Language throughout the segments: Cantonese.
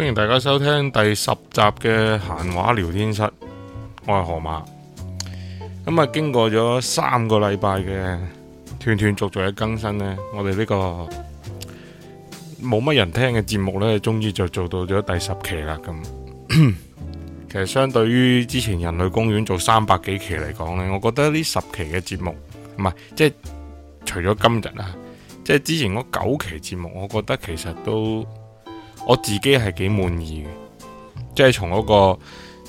歡迎大家收聽第十集嘅閒話聊天室，我係河馬。咁啊，經過咗三個禮拜嘅斷斷續續嘅更新呢，我哋呢個冇乜人聽嘅節目呢，終於就做到咗第十期啦。咁其實相對於之前人類公園做三百幾期嚟講呢，我覺得呢十期嘅節目唔係即係除咗今日啦，即係之前嗰九期節目，我覺得其實都。我自己係幾滿意嘅，即係從嗰個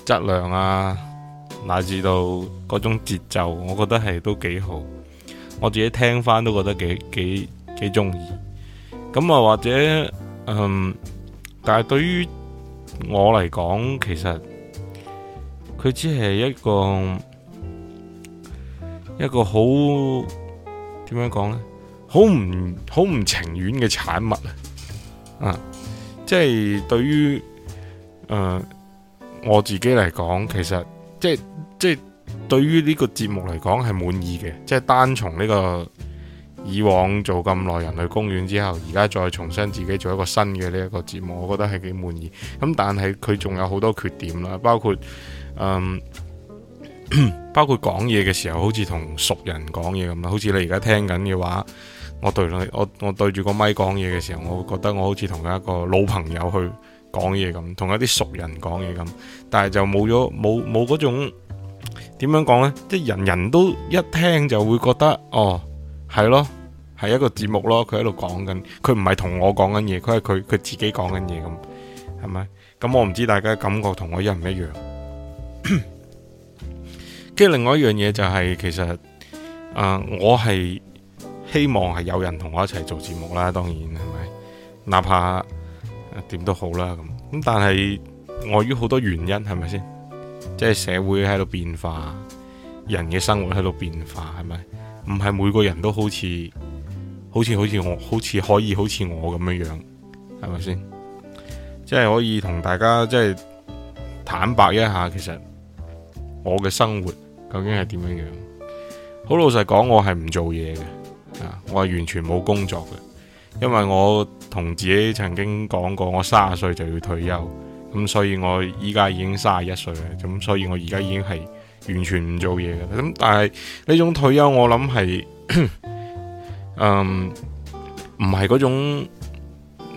質量啊，乃至到嗰種節奏，我覺得係都幾好。我自己聽翻都覺得幾幾幾中意。咁啊，或者嗯，但係對於我嚟講，其實佢只係一個一個好點樣講呢？好唔好唔情願嘅產物啊！即係對於誒、呃、我自己嚟講，其實即係即係對於呢個節目嚟講係滿意嘅。即係單從呢個以往做咁耐人類公園之後，而家再重新自己做一個新嘅呢一個節目，我覺得係幾滿意的。咁但係佢仲有好多缺點啦，包括誒、呃、包括講嘢嘅時候，好似同熟人講嘢咁啦，好似你而家聽緊嘅話。我對我我對住個麥講嘢嘅時候，我覺得我好似同一個老朋友去講嘢咁，同一啲熟人講嘢咁，但係就冇咗冇冇嗰種點樣講呢？即係人人都一聽就會覺得哦，係咯，係一個節目咯，佢喺度講緊，佢唔係同我講緊嘢，佢係佢佢自己講緊嘢咁，係咪？咁我唔知大家感覺同我一唔一樣。跟住 另外一樣嘢就係、是、其實，啊、呃，我係。希望係有人同我一齊做節目啦，當然係咪？哪怕一點都好啦，咁咁，但係礙於好多原因，係咪先？即係社會喺度變化，人嘅生活喺度變化，係咪？唔係每個人都好似好似好似我好似可以好似我咁樣樣，係咪先？即係可以同大家即係坦白一下，其實我嘅生活究竟係點樣樣？好老實講，我係唔做嘢嘅。我係完全冇工作嘅，因為我同自己曾經講過，我三十歲就要退休，咁所以我依家已經三十一歲啦，咁所以我而家已經係完全唔做嘢嘅，咁但係呢種退休我諗係，嗯，唔係嗰種，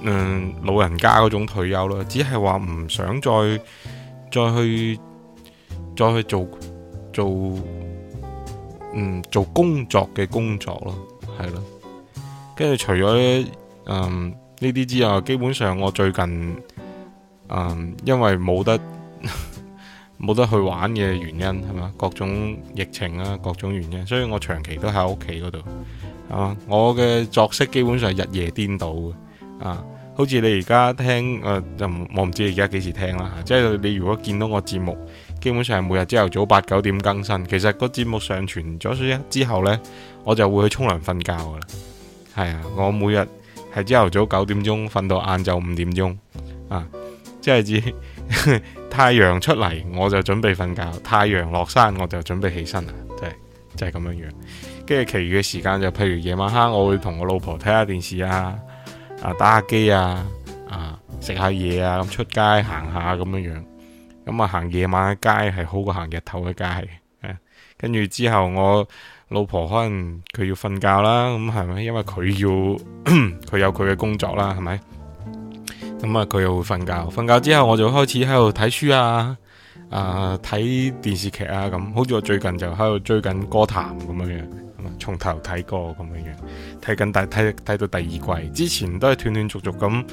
嗯，老人家嗰種退休咯，只係話唔想再再去再去做做，嗯，做工作嘅工作咯。係啦，跟住除咗呢啲之外，基本上我最近、呃、因為冇得冇得去玩嘅原因係嘛，各種疫情啊，各種原因，所以我長期都喺屋企嗰度啊。我嘅作息基本上係日夜顛倒、呃呃、不我不知道啊，好似你而家聽誒，就我唔知你而家幾時聽啦，即係你如果見到我節目。基本上每日朝頭早八九點更新，其實個節目上傳咗之後呢，我就會去沖涼瞓覺噶啦。係啊，我每日係朝頭早九點鐘瞓到晏晝五點鐘啊，即係指太陽出嚟我就準備瞓覺，太陽落山我就準備起身啦，即係係咁樣樣。跟住其餘嘅時間就譬如夜晚黑我會同我老婆睇下電視啊，啊打下機啊，啊食下嘢啊，咁出街行下咁樣樣。咁啊，行夜晚嘅街係好過行日頭嘅街，係跟住之後我老婆可能佢要瞓覺啦，咁係咪？因為佢要佢有佢嘅工作啦，係咪？咁、嗯、啊，佢又會瞓覺，瞓覺之後我就開始喺度睇書啊，啊睇電視劇啊，咁、嗯，好似我最近就喺度追緊《歌壇》咁樣樣，從、嗯、頭睇過咁樣樣，睇緊第睇睇到第二季，之前都係斷斷續續咁。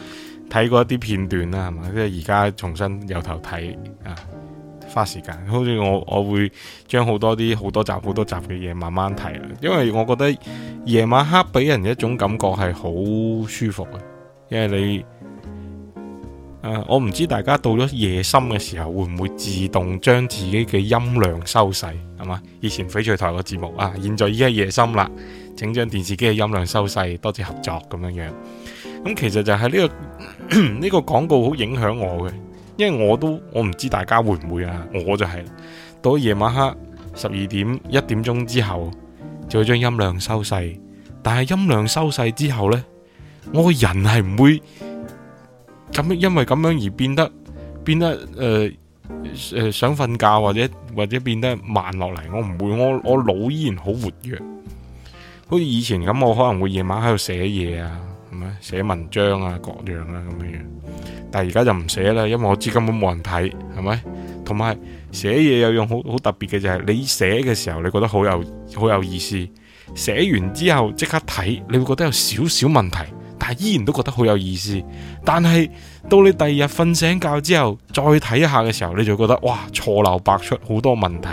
睇過一啲片段啦，係嘛？即係而家重新由頭睇啊，花時間。好似我，我會將好多啲好多集、好多集嘅嘢慢慢睇啦。因為我覺得夜晚黑俾人一種感覺係好舒服嘅，因為你、啊、我唔知大家到咗夜深嘅時候會唔會自動將自己嘅音量收細，係嘛？以前翡翠台個節目啊，現在依家夜深啦，請將電視機嘅音量收細，多謝合作咁樣樣。咁其實就係呢個呢個廣告好影響我嘅，因為我都我唔知大家會唔會啊，我就係到夜晚黑十二點一點鐘之後，就會將音量收細。但係音量收細之後呢，我個人係唔會咁因為咁樣而變得變得誒誒想瞓覺或者或者變得慢落嚟，我唔會，我我腦依然好活躍，好似以前咁，我可能會夜晚喺度寫嘢啊。係咪？寫文章啊各樣啦、啊、咁樣，但係而家就唔寫啦，因為我知根本冇人睇，係咪？同埋寫嘢有用好好特別嘅，就係你寫嘅時候，你覺得好有好有意思，寫完之後即刻睇，你會覺得有少少問題，但係依然都覺得好有意思但。但係到你第二日瞓醒覺之後再睇一下嘅時候，你就覺得哇錯漏百出，好多問題，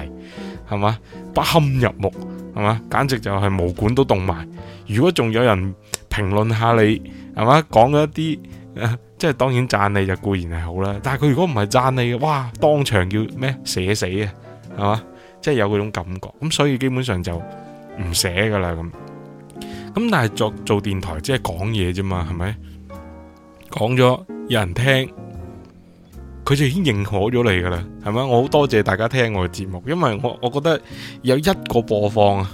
係嘛不堪入目，係嘛簡直就係毛管都凍埋。如果仲有人。評論下你係嘛？講一啲，啊，即係當然讚你就固然係好啦。但係佢如果唔係讚你嘅，哇，當場叫咩寫死啊，係嘛，即係有嗰種感覺。咁所以基本上就唔寫噶啦咁。咁但係作做電台即係講嘢啫嘛，係咪？講咗有人聽，佢就已經認可咗你噶啦，係咪？我好多謝大家聽我嘅節目，因為我我覺得有一個播放啊。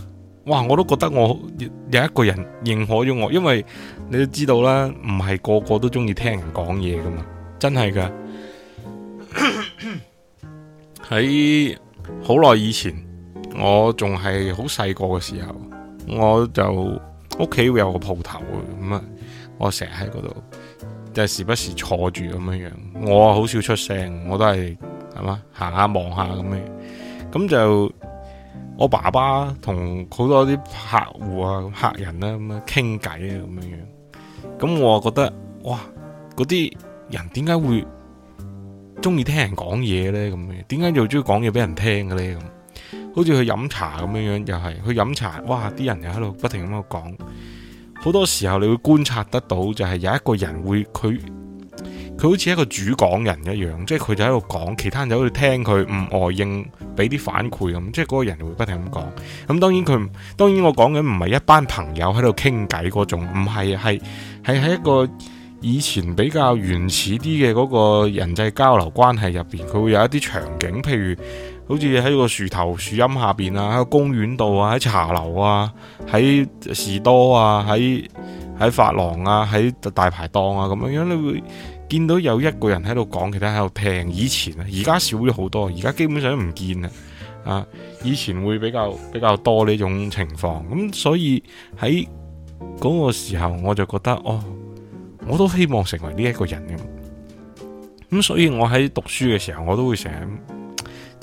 哇！我都覺得我有一個人認可咗我，因為你都知道啦，唔係個個都中意聽人講嘢噶嘛，真係噶。喺好耐以前，我仲係好細個嘅時候，我就屋企會有個鋪頭咁啊，我成日喺嗰度，就係、時不時坐住咁樣樣。我好少出聲，我都係係嘛行下望下咁樣，咁就。我爸爸同好多啲客戶啊、客人啊咁樣傾偈啊咁樣樣，咁我啊覺得哇，嗰啲人點解會中意聽人講嘢呢？咁嘅點解又中意講嘢俾人聽嘅咧？咁，好似去飲茶咁樣樣又係去飲茶，哇！啲人又喺度不停咁樣講，好多時候你會觀察得到，就係有一個人會佢。佢好似一個主講人一樣，即係佢就喺度講，其他人就喺度聽佢，唔外應，俾啲反饋咁，即係嗰個人會不停咁講。咁當然佢，當然我講緊唔係一班朋友喺度傾偈嗰種，唔係係係喺一個以前比較原始啲嘅嗰個人際交流關係入邊，佢會有一啲場景，譬如好似喺個樹頭、樹蔭下邊啊，喺個公園度啊，喺茶樓啊，喺士多啊，喺喺發廊啊，喺大排檔啊咁樣樣你會。見到有一個人喺度講，其他喺度聽。以前啊，而家少咗好多，而家基本上唔見啦。啊，以前會比較比較多呢種情況。咁所以喺嗰個時候，我就覺得哦，我都希望成為呢一個人咁。咁所以，我喺讀書嘅時候，我都會成日。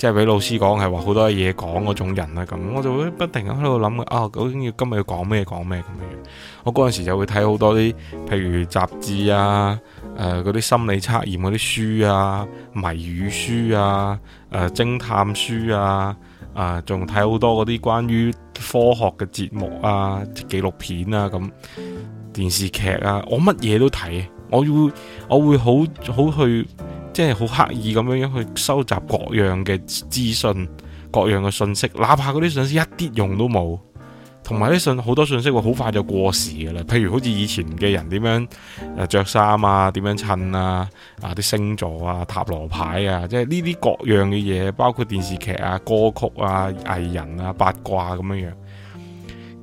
即係俾老師講係話好多嘢講嗰種人啦，咁我就會不停咁喺度諗啊，究竟要今日要講咩講咩咁樣。我嗰陣時就會睇好多啲，譬如雜誌啊、誒嗰啲心理測驗嗰啲書啊、謎語書啊，誒、呃、偵探書啊，啊仲睇好多嗰啲關於科學嘅節目啊、紀錄片啊、咁電視劇啊，我乜嘢都睇，我會我會好好去。即係好刻意咁樣樣去收集各樣嘅資訊、各樣嘅信息，哪怕嗰啲信息一啲用都冇，同埋啲信好多信息會好快就過時㗎喇。譬如好似以前嘅人點樣誒著衫啊、點樣襯啊、啊啲星座啊、塔羅牌啊，即係呢啲各樣嘅嘢，包括電視劇啊、歌曲啊、藝人啊、八卦咁樣樣。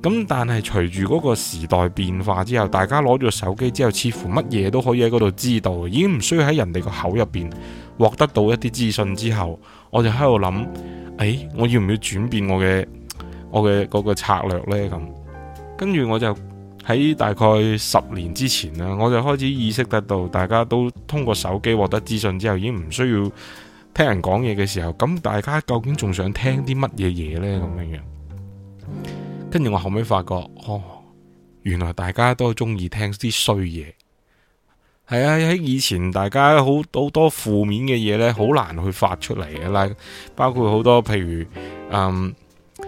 咁但係隨住嗰個時代變化之後，大家攞住手機之後，似乎乜嘢都可以喺嗰度知道，已經唔需要喺人哋個口入邊獲得到一啲資訊之後，我就喺度諗，誒、哎，我要唔要轉變我嘅、我嘅嗰個策略呢？」咁，跟住我就喺大概十年之前啦，我就開始意識得到，大家都通過手機獲得資訊之後，已經唔需要聽人講嘢嘅時候，咁大家究竟仲想聽啲乜嘢嘢呢？咁樣樣。跟住我後尾發覺，哦，原來大家都中意聽啲衰嘢。係啊，喺以前大家好好多，多負面嘅嘢呢，好難去發出嚟嘅啦。包括好多譬如，嗯，誒、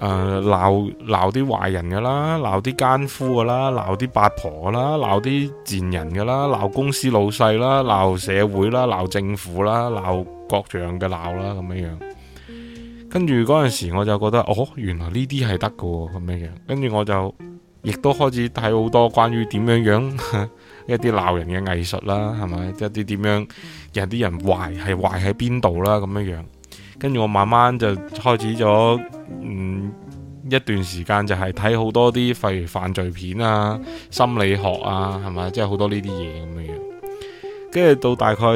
呃，鬧鬧啲壞人㗎啦，鬧啲奸夫㗎啦，鬧啲八婆啦，鬧啲賤人㗎啦，鬧公司老細啦，鬧社會啦，鬧政府啦，鬧各樣嘅鬧啦，咁樣樣。跟住嗰陣時，我就覺得哦，原來呢啲係得喎。咁樣樣。跟住我就亦都開始睇好多關於點樣樣一啲鬧人嘅藝術啦，係咪？一啲點樣有啲人壞係壞喺邊度啦？咁樣樣。跟住我慢慢就開始咗嗯一段時間就，就係睇好多啲，譬如犯罪片啊、心理學啊，係咪？即係好多呢啲嘢咁樣樣。跟住到大概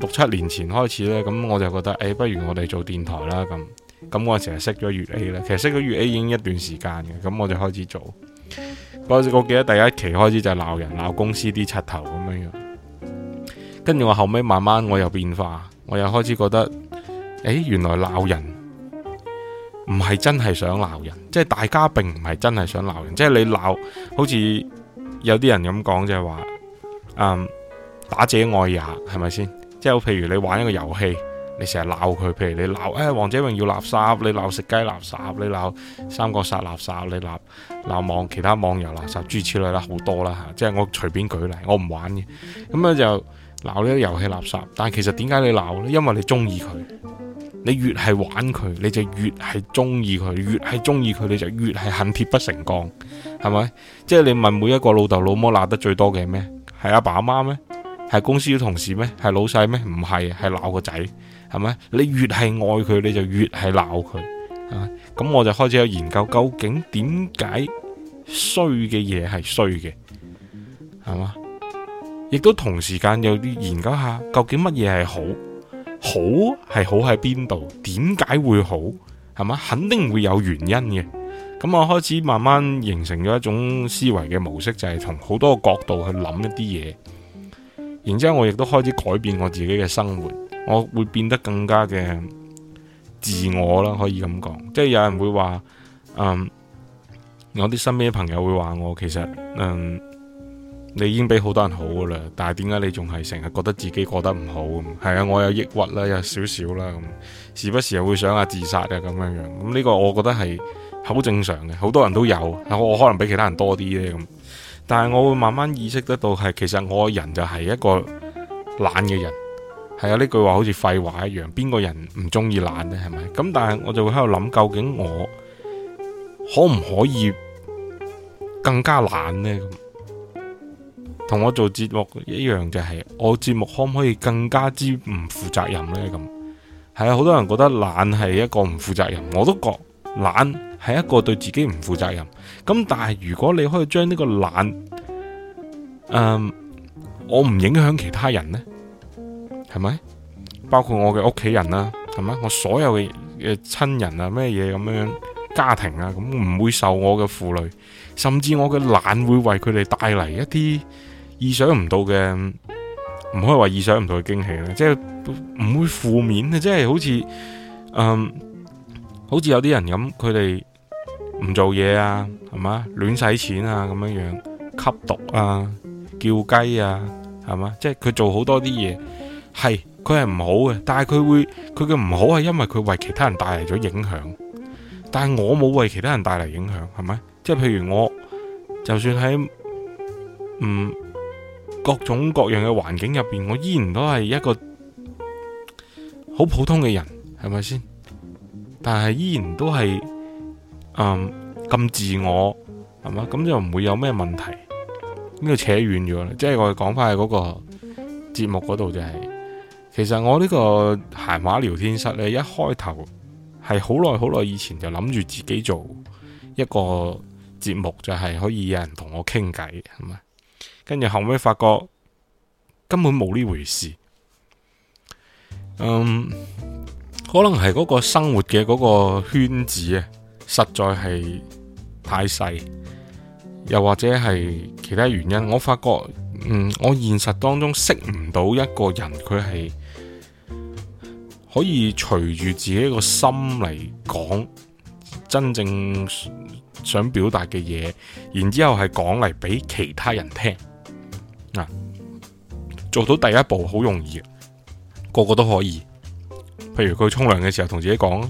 六七年前開始呢，咁我就覺得誒、哎，不如我哋做電台啦咁。咁我成日識咗粵 A 啦，其實識咗粵 A 已經一段時間嘅，咁我就開始做。嗰時我記得第一期開始就係鬧人、鬧公司啲柒頭咁樣樣，跟住我後尾慢慢我又變化，我又開始覺得，誒，原來鬧人唔係真係想鬧人，即係大家並唔係真係想鬧人，即係你鬧，好似有啲人咁講就係話，嗯，打者愛也係咪先？即係譬如你玩一個遊戲。你成日鬧佢，譬如你鬧誒、哎《王者榮耀》垃圾，你鬧食雞垃圾，你鬧《三國殺》垃圾，你鬧鬧網其他網遊垃圾諸如此類啦，好多啦吓，即係我隨便舉例，我唔玩嘅咁樣就鬧呢個遊戲垃圾。但係其實點解你鬧呢？因為你中意佢，你越係玩佢，你就越係中意佢，越係中意佢，你就越係恨鐵不成鋼，係咪？即係你問每一個老豆老母鬧得最多嘅咩？係阿爸阿媽咩？係公司嘅同事咩？係老細咩？唔係，係鬧個仔。係咪？你越係愛佢，你就越係鬧佢。啊，咁我就開始有研究，究竟點解衰嘅嘢係衰嘅，係嘛？亦都同時間有啲研究下，究竟乜嘢係好？好係好喺邊度？點解會好？係嘛？肯定會有原因嘅。咁我開始慢慢形成咗一種思維嘅模式，就係從好多角度去諗一啲嘢。然之後，我亦都開始改變我自己嘅生活。我會變得更加嘅自我啦，可以咁講，即係有人會話，嗯，我啲身邊嘅朋友會話我，其實，嗯，你已經俾好多人好噶啦，但係點解你仲係成日覺得自己過得唔好？係啊，我有抑鬱啦，有少少啦，咁，時不時又會想下自殺啊，咁樣樣。咁呢個我覺得係好正常嘅，好多人都有，我可能比其他人多啲咧咁。但係我會慢慢意識得到，係其實我人就係一個懶嘅人。係啊，呢句話好似廢話一樣，邊個人唔中意懶呢？係咪？咁但係我就會喺度諗，究竟我可唔可以更加懶呢？同我做節目一樣，就是，就係我節目可唔可以更加之唔負責任呢？咁係啊，好多人覺得懶係一個唔負責任，我都覺得懶係一個對自己唔負責任。咁但係如果你可以將呢個懶，嗯、呃，我唔影響其他人呢？係咪包括我嘅屋企人啦？係嘛，我所有嘅嘅親人啊，咩嘢咁樣家庭啊，咁唔會受我嘅負累，甚至我嘅懶會為佢哋帶嚟一啲意想唔到嘅，唔可以話意想唔到嘅驚喜咧。即係唔會負面嘅，即係好似嗯，好似有啲人咁，佢哋唔做嘢啊，係嘛，亂使錢啊，咁樣樣吸毒啊，叫雞啊，係嘛，即係佢做好多啲嘢。係佢係唔好嘅，但係佢會佢嘅唔好係因為佢為其他人帶嚟咗影響，但係我冇為其他人帶嚟影響，係咪？即係譬如我就算喺唔、嗯、各種各樣嘅環境入邊，我依然都係一個好普通嘅人，係咪先？但係依然都係嗯咁自我，係嘛？咁就唔會有咩問題。呢個扯遠咗啦，即係我講翻去嗰個節目嗰度就係、係。其實我呢個閒話聊天室咧，一開頭係好耐好耐以前就諗住自己做一個節目，就係可以有人同我傾偈，係咪？跟住後尾發覺根本冇呢回事。嗯，可能係嗰個生活嘅嗰個圈子啊，實在係太細，又或者係其他原因，我發覺，嗯，我現實當中識唔到一個人，佢係。可以隨住自己個心嚟講真正想表達嘅嘢，然之後係講嚟俾其他人聽嗱，啊，做到第一步好容易，個個都可以。譬如佢沖涼嘅時候同自己講，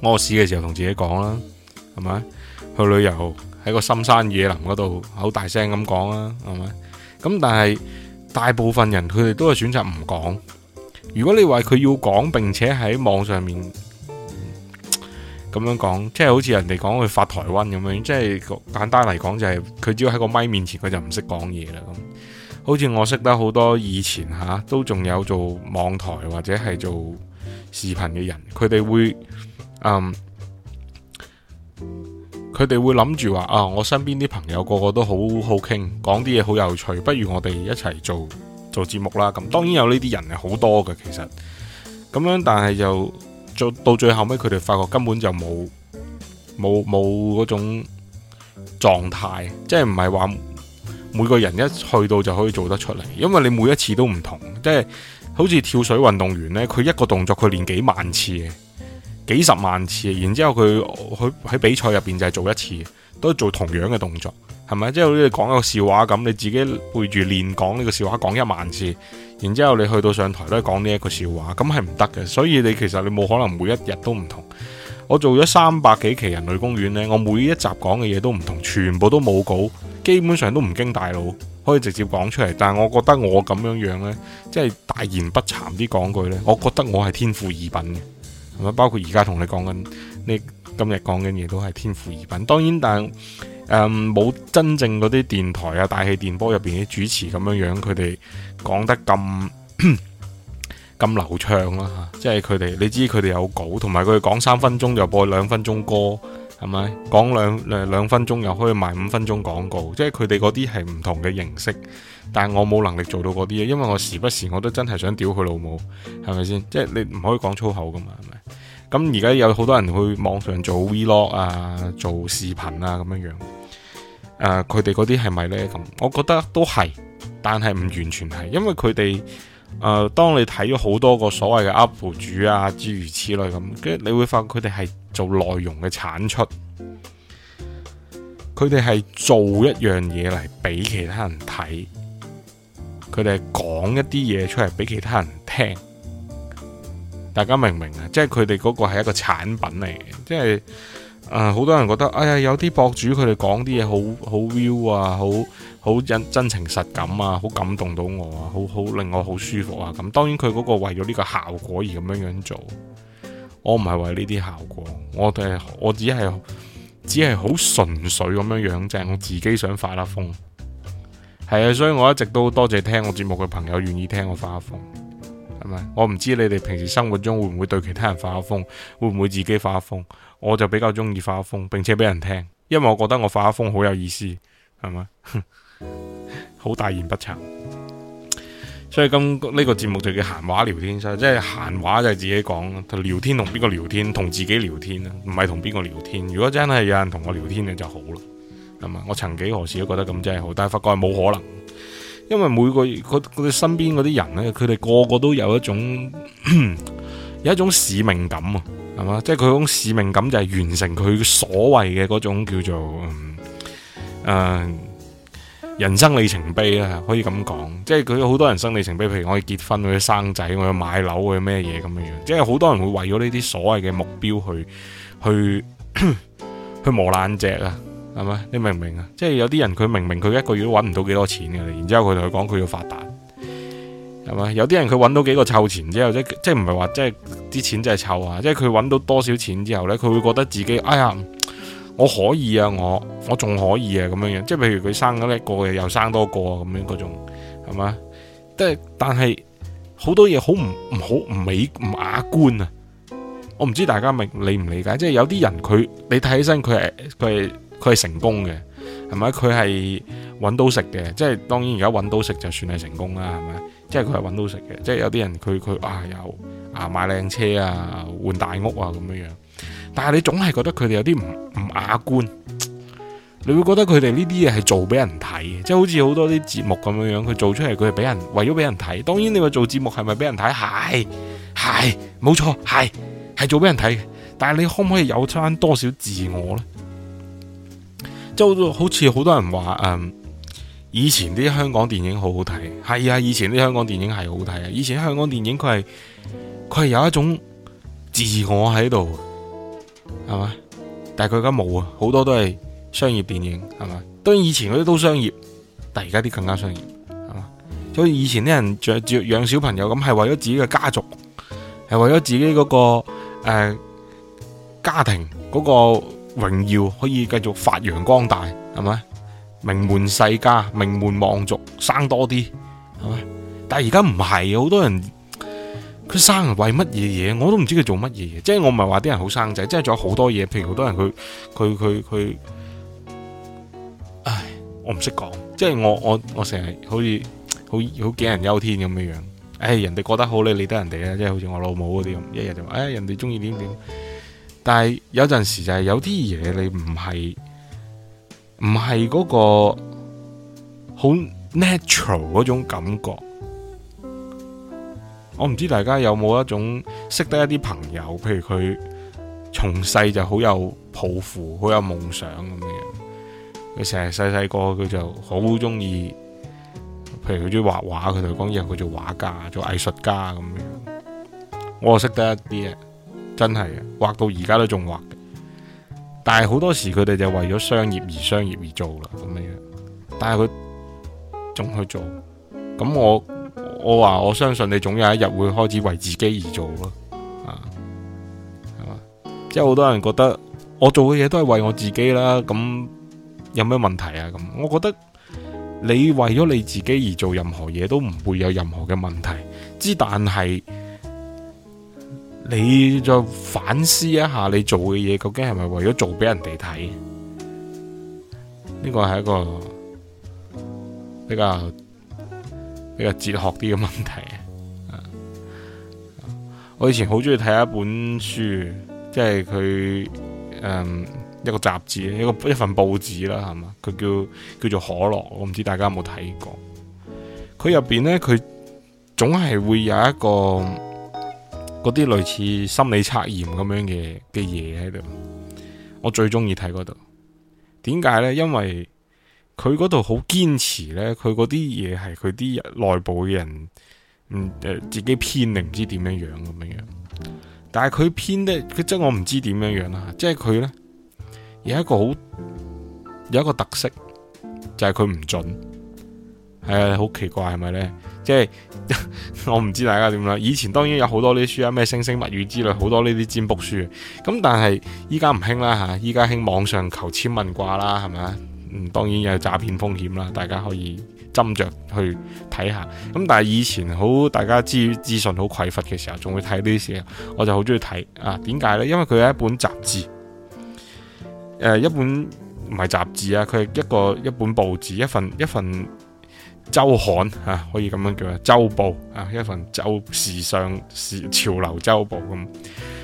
屙屎嘅時候同自己講啦，係咪？去旅遊喺個深山野林嗰度好大聲咁講啦，係咪？咁但係大部分人佢哋都係選擇唔講。如果你話佢要講，並且喺網上面咁、嗯、樣講，即係好似人哋講佢發台灣咁樣，即係簡單嚟講就係、是、佢只要喺個咪面前，佢就唔識講嘢啦。咁，好似我識得好多以前吓、啊，都仲有做網台或者係做視頻嘅人，佢哋會，嗯，佢哋會諗住話啊，我身邊啲朋友個個都好好傾，講啲嘢好有趣，不如我哋一齊做。做節目啦，咁當然有呢啲人係好多嘅，其實咁樣，但係就做到最後咪佢哋發覺根本就冇冇冇嗰種狀態，即係唔係話每個人一去到就可以做得出嚟，因為你每一次都唔同，即係好似跳水運動員呢，佢一個動作佢練幾萬次、幾十萬次，然之後佢喺比賽入面就係做一次，都做同樣嘅動作。係咪即係好似講一個笑話咁？你自己背住練講呢個笑話，講一萬次，然之後你去到上台都係講呢一個笑話，咁係唔得嘅。所以你其實你冇可能每一日都唔同。我做咗三百幾期《人類公園》呢，我每一集講嘅嘢都唔同，全部都冇稿，基本上都唔經大腦，可以直接講出嚟。但係我覺得我咁樣樣呢，即係大言不慚啲講句呢，我覺得我係天賦異稟嘅，係嘛？包括而家同你講緊，你今日講緊嘢都係天賦異稟。當然，但誒，冇、嗯、真正嗰啲電台啊、大氣電波入邊啲主持咁樣樣，佢哋講得咁咁流暢啦、啊、即係佢哋，你知佢哋有稿，同埋佢哋講三分鐘就播兩分鐘歌，係咪？講兩誒兩分鐘又可以賣五分鐘廣告，即係佢哋嗰啲係唔同嘅形式。但係我冇能力做到嗰啲，因為我時不時我都真係想屌佢老母，係咪先？即係你唔可以講粗口噶嘛，係咪？咁而家有好多人去網上做 vlog 啊，做視頻啊，咁樣樣。誒，佢哋嗰啲係咪呢？咁，我覺得都係，但係唔完全係，因為佢哋誒，當你睇咗好多個所謂嘅 UP 主啊，諸如此類咁，跟住你會發覺佢哋係做內容嘅產出，佢哋係做一樣嘢嚟俾其他人睇，佢哋係講一啲嘢出嚟俾其他人聽，大家明唔明啊？即係佢哋嗰個係一個產品嚟嘅，即係。啊！嗯，好多人覺得哎呀，有啲博主佢哋講啲嘢好好 view 啊，好好真真情實感啊，好感動到我啊，好好令我好舒服啊。咁當然佢嗰個為咗呢個效果而咁樣樣做，我唔係為呢啲效果，我哋我只係只係好純粹咁樣樣，即係我自己想發下瘋。係啊，所以我一直都多謝聽我節目嘅朋友願意聽我發下瘋。係咪？我唔知你哋平時生活中會唔會對其他人發下瘋，會唔會自己發下瘋？我就比較中意發下瘋，並且俾人聽，因為我覺得我發下瘋好有意思，係咪？好 大言不慚。所以今呢個節目就叫閒話聊天室，即係閒話就係自己講，聊天同邊個聊天，同自己聊天啦，唔係同邊個聊天。如果真係有人同我聊天嘅就好啦，係嘛？我曾幾何時都覺得咁真係好，但係發覺係冇可能。因為每個佢佢身邊嗰啲人咧，佢哋個個都有一種有一種使命感啊，係嘛？即係佢種使命感就係完成佢所謂嘅嗰種叫做誒、呃、人生里程碑，可以咁講。即係佢好多人生里程碑，譬如我要結婚，我要生仔，我要買樓，要咩嘢咁樣樣。即係好多人會為咗呢啲所謂嘅目標去去去磨爛只啊！係咪？你明唔明啊？即係有啲人佢明明佢一個月都搵唔到幾多錢嘅，然之後佢就講佢要發達，係咪？有啲人佢揾到幾個臭錢之後，即即係唔係話即係啲錢真係臭啊？即係佢揾到多少錢之後呢，佢會覺得自己哎呀，我可以啊，我我仲可以啊咁樣樣。即係譬如佢生咗一個嘅，又生多個咁樣嗰種，係嘛？但係好多嘢好唔好唔美唔雅觀啊！我唔知大家明理唔理解，即係有啲人佢你睇起身佢係佢。佢係成功嘅，係咪？佢係揾到食嘅，即係當然而家揾到食就算係成功啦，係咪？即係佢係揾到食嘅，即係有啲人佢佢啊有啊買靚車啊換大屋啊咁樣樣，但係你總係覺得佢哋有啲唔唔雅觀，你會覺得佢哋呢啲嘢係做俾人睇嘅，即係好似好多啲節目咁樣樣，佢做出嚟佢係俾人為咗俾人睇。當然你話做節目係咪俾人睇？係係冇錯，係係做俾人睇，但係你可唔可以有出翻多少自我呢？就好似好多人話，嗯，以前啲香港電影好好睇，係啊，以前啲香港電影係好睇啊，以前香港電影佢係佢係有一種自我喺度，係嘛？但係佢而家冇啊，好多都係商業電影，係嘛？當然以前嗰啲都商業，但係而家啲更加商業，係嘛？所以以前啲人著著養小朋友咁，係為咗自己嘅家族，係為咗自己嗰個誒、呃、家庭嗰個。榮耀可以繼續發揚光大，係咪？名門世家、名門望族生多啲，係咪？但係而家唔係，好多人佢生人為乜嘢嘢？我都唔知佢做乜嘢嘢。即係我唔係話啲人好生仔，即係仲有好多嘢，譬如好多人佢佢佢佢，唉，我唔識講。即係我我我成日好似好好杞人憂天咁嘅樣。唉、哎，人哋過得好，你理得人哋啊！即係好似我老母嗰啲咁，一日就話：，唉、哎，人哋中意點點。但係有陣時就係有啲嘢，你唔係唔係嗰個好 natural 嗰種感覺，我唔知大家有冇一種識得一啲朋友，譬如佢從細就好有抱負，好有夢想咁樣。佢成日細細個佢就好中意，譬如佢中意畫畫，佢就講以後佢做畫家，做藝術家咁樣。我識得一啲嘢。真係嘅，畫到而家都仲畫，但係好多時佢哋就為咗商業而商業而做啦咁樣，但係佢總去做，咁我我話我相信你總有一日會開始為自己而做咯，啊，係嘛，即係好多人覺得我做嘅嘢都係為我自己啦，咁有咩問題啊？咁我覺得你為咗你自己而做任何嘢都唔會有任何嘅問題，之但係。你再反思一下，你做嘅嘢究竟係咪為咗做俾人哋睇？呢個係一個比較比較哲學啲嘅問題。我以前好中意睇一本書，即係佢誒一個雜誌，一個一份報紙啦，係嘛？佢叫叫做可樂，我唔知大家有冇睇過。佢入邊呢，佢總係會有一個。嗰啲類似心理測驗咁樣嘅嘅嘢喺度，我最中意睇嗰度。點解咧？因為佢嗰度好堅持咧，佢嗰啲嘢係佢啲內部嘅人，嗯誒自己編定唔知點樣樣咁樣樣。但係佢編得，佢即係我唔知點樣樣啦。即係佢咧有一個好有一個特色，就係佢唔準。係啊，好、嗯、奇怪係咪呢？即係我唔知大家點啦。以前當然有好多呢啲書啊，咩星星物語之類，好多呢啲占卜書。咁但係依家唔興啦吓，依家興網上求籤問卦啦，係咪啊？當然有詐騙風險啦，大家可以斟酌去睇下。咁但係以前好大家資資訊好匱乏嘅時候，仲會睇呢啲嘢，我就好中意睇啊。點解呢？因為佢係一本雜誌，誒、呃，一本唔係雜誌啊，佢係一個一本報紙，一份一份。一份周刊嚇、啊，可以咁樣叫周週報啊，一份週時尚時潮流周報咁，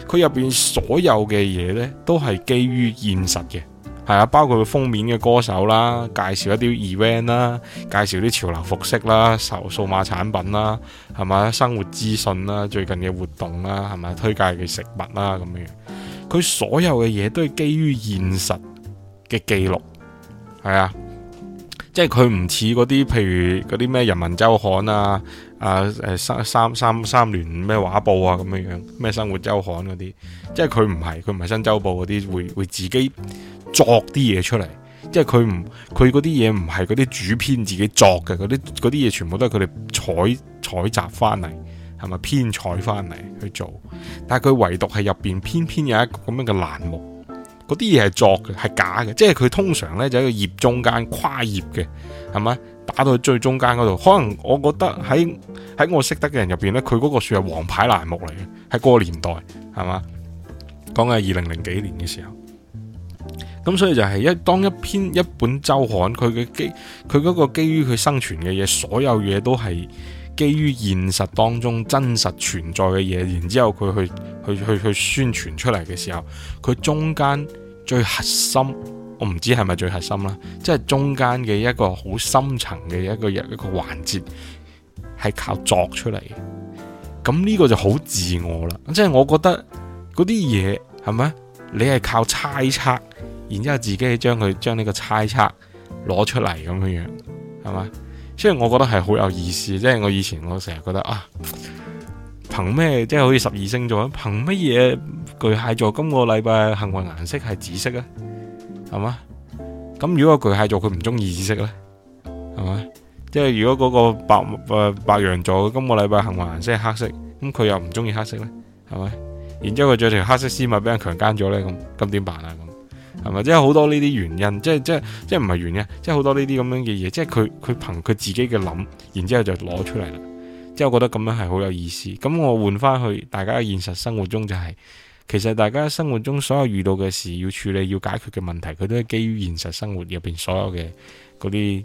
佢入邊所有嘅嘢呢，都係基於現實嘅，係啊，包括封面嘅歌手啦，介紹一啲 event 啦，介紹啲潮流服飾啦，數數碼產品啦，係咪生活資訊啦，最近嘅活動啦，係咪推介嘅食物啦咁樣，佢所有嘅嘢都係基於現實嘅記錄，係啊。即係佢唔似嗰啲，譬如嗰啲咩《人民周刊》啊，啊，誒，三三三三聯咩畫報啊，咁嘅樣，咩生活周刊嗰啲。即係佢唔係，佢唔係新周報嗰啲，會會自己作啲嘢出嚟。即係佢唔，佢嗰啲嘢唔係嗰啲主編自己作嘅，嗰啲啲嘢全部都係佢哋採採集翻嚟，係咪編採翻嚟去做？但係佢唯獨係入邊偏偏有一個咁樣嘅欄目。嗰啲嘢係作嘅，係假嘅，即係佢通常呢，就喺個頁中間跨頁嘅，係嘛，打到去最中間嗰度。可能我覺得喺喺我識得嘅人入邊呢，佢嗰個算係王牌欄目嚟嘅，喺嗰個年代，係嘛，講緊二零零幾年嘅時候。咁所以就係一當一篇一本周刊，佢嘅基佢嗰個基於佢生存嘅嘢，所有嘢都係，基於現實當中真實存在嘅嘢，然之後佢去去去去宣傳出嚟嘅時候，佢中間最核心，我唔知係咪最核心啦，即係中間嘅一個好深層嘅一個一個環節，係靠作出嚟。咁呢個就好自我啦，即係我覺得嗰啲嘢係咪？你係靠猜測，然之後自己去將佢將呢個猜測攞出嚟咁樣樣，係嘛？即係我覺得係好有意思，即係我以前我成日覺得啊，憑咩即係好似十二星座？咁，憑乜嘢巨蟹座今個禮拜幸運顏色係紫色啊？係嘛？咁如果巨蟹座佢唔中意紫色呢？係咪？即係如果嗰個白白羊座今個禮拜幸運顏色係黑色，咁佢又唔中意黑色呢？係咪？然之後佢着條黑色絲襪俾人強姦咗呢？咁咁點辦啊？或者好多呢啲原因？即係即係即係唔係原因？即係好多呢啲咁樣嘅嘢？即係佢佢憑佢自己嘅諗，然之後就攞出嚟啦。即係我覺得咁樣係好有意思。咁我換翻去大家嘅現實生活中，就是，就係其實大家生活中所有遇到嘅事，要處理要解決嘅問題，佢都係基於現實生活入邊所有嘅嗰啲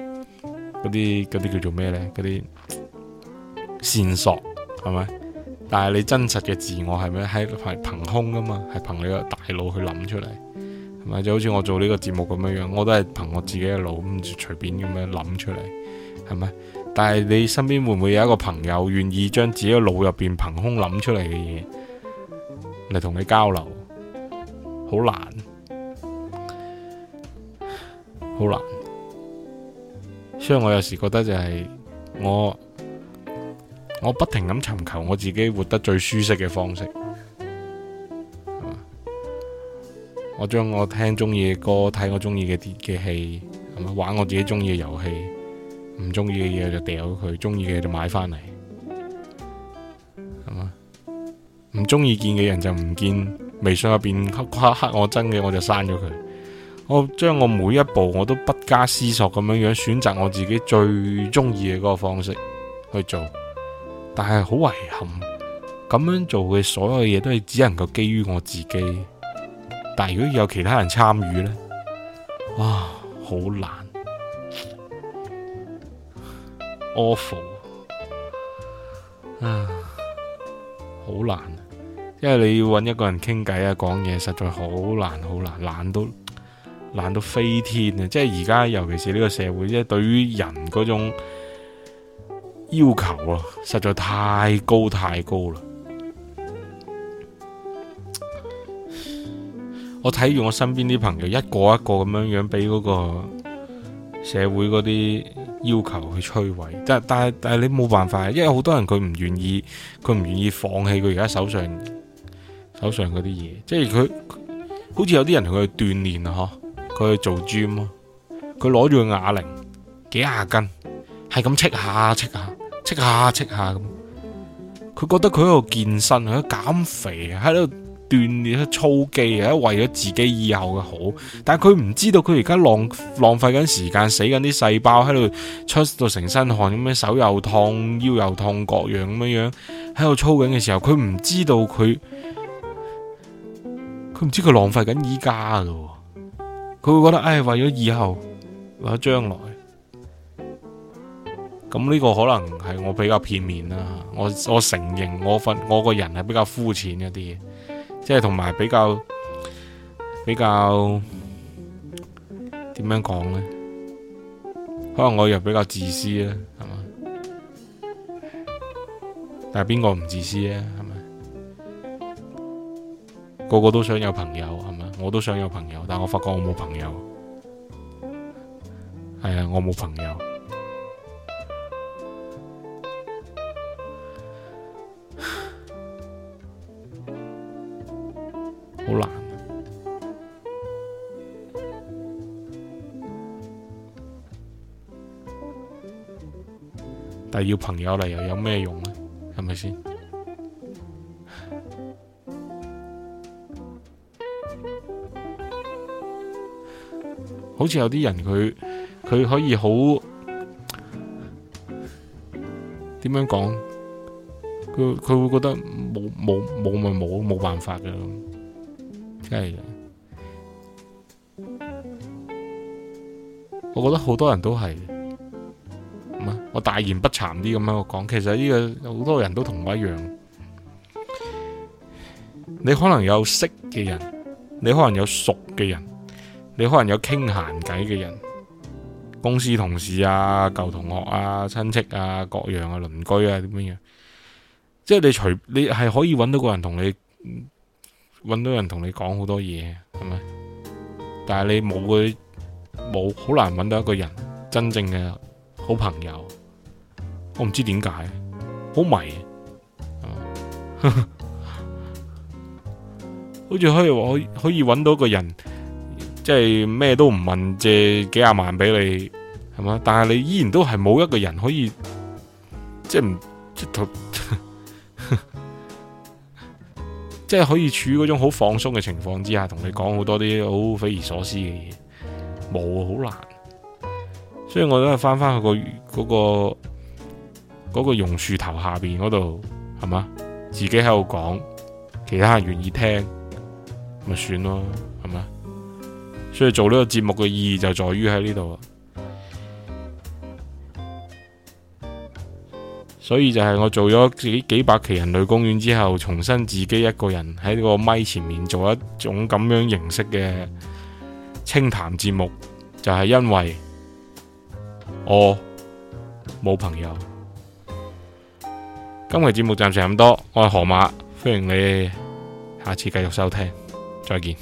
啲啲叫做咩呢？嗰啲線索係咪？但係你真實嘅自我係咪喺憑空噶嘛？係憑你個大腦去諗出嚟。係咪就好似我做呢個節目咁樣樣？我都係憑我自己嘅腦咁隨便咁樣諗出嚟，係咪？但係你身邊會唔會有一個朋友願意將自己嘅腦入邊憑空諗出嚟嘅嘢，嚟同你交流？好難，好難。所以我有時覺得就係我我不停咁尋求我自己活得最舒適嘅方式。我將我聽中意嘅歌，睇我中意嘅電嘅戲，玩我自己中意嘅遊戲，唔中意嘅嘢就掉佢，中意嘅嘢就買翻嚟，係嘛？唔中意見嘅人就唔見，微信入邊黑黑我真嘅我就刪咗佢。我將我每一步我都不加思索咁樣樣選擇我自己最中意嘅嗰個方式去做，但係好遺憾，咁樣做嘅所有嘢都係只能夠基於我自己。但如果有其他人參與呢？哇，好難 Awful 啊，好難、啊啊啊，因為你要揾一個人傾偈啊，講嘢實在好難，好難，難到難到飛天啊！即係而家，尤其是呢個社會，即係對於人嗰種要求啊，實在太高太高啦。我睇住我身邊啲朋友一個一個咁樣樣俾嗰個社會嗰啲要求去摧毀，但但係但係你冇辦法，因為好多人佢唔願意，佢唔願意放棄佢而家手上手上嗰啲嘢。即係佢好似有啲人同佢去鍛煉啊，嗬，佢去做 gym 啊，佢攞住個啞鈴，幾廿斤，係咁砌下砌下砌下砌下咁，佢覺得佢喺度健身，喺度減肥，喺度。鍛煉操肌，係為咗自己以後嘅好。但係佢唔知道，佢而家浪浪費緊時間，死緊啲細胞喺度出到成身汗咁樣，手又痛，腰又痛，各樣咁樣樣喺度操緊嘅時候，佢唔知道佢，佢唔知佢浪費緊依家咯。佢會覺得，唉，為咗以後，為咗將來。咁呢個可能係我比較片面啦。我我承認，我份我，我個人係比較膚淺一啲。即係同埋比較比較點樣講咧？可能我又比較自私啦，係嘛？但係邊個唔自私咧？係咪？個個都想有朋友，係咪？我都想有朋友，但我發覺我冇朋友。係啊，我冇朋友。好難啊，但係要朋友嚟，又有咩用呢？係咪先？好似有啲人佢，佢可以好點樣講？佢，佢會覺得冇，冇，冇咪冇，冇辦法嘅。係，我覺得好多人都係，我大言不慚啲咁樣我講，其實呢個好多人都同我一樣。你可能有識嘅人，你可能有熟嘅人，你可能有傾閒偈嘅人，公司同事啊、舊同學啊、親戚啊、各樣啊、鄰居啊，點乜嘢？即係你隨你係可以揾到個人同你。揾到人同你講好多嘢係咪？但係你冇佢冇好難揾到一個人真正嘅好朋友，我唔知點解，啊啊，好迷，係好似可以話可以揾到一個人，即係咩都唔問，借幾廿萬俾你係嘛？但係你依然都係冇一個人可以即係即即係可以處於嗰種好放鬆嘅情況之下，同你講好多啲好匪夷所思嘅嘢，冇好難，所以我都係翻翻去個嗰個嗰個榕樹頭下邊嗰度，係嘛，自己喺度講，其他人願意聽咪算咯，係嘛，所以做呢個節目嘅意義就在於喺呢度。所以就係我做咗幾幾百期人類公園之後，重新自己一個人喺個咪前面做一種咁樣形式嘅清談節目，就係因為我冇朋友。今期節目暫時咁多，我係河馬，歡迎你下次繼續收聽，再見。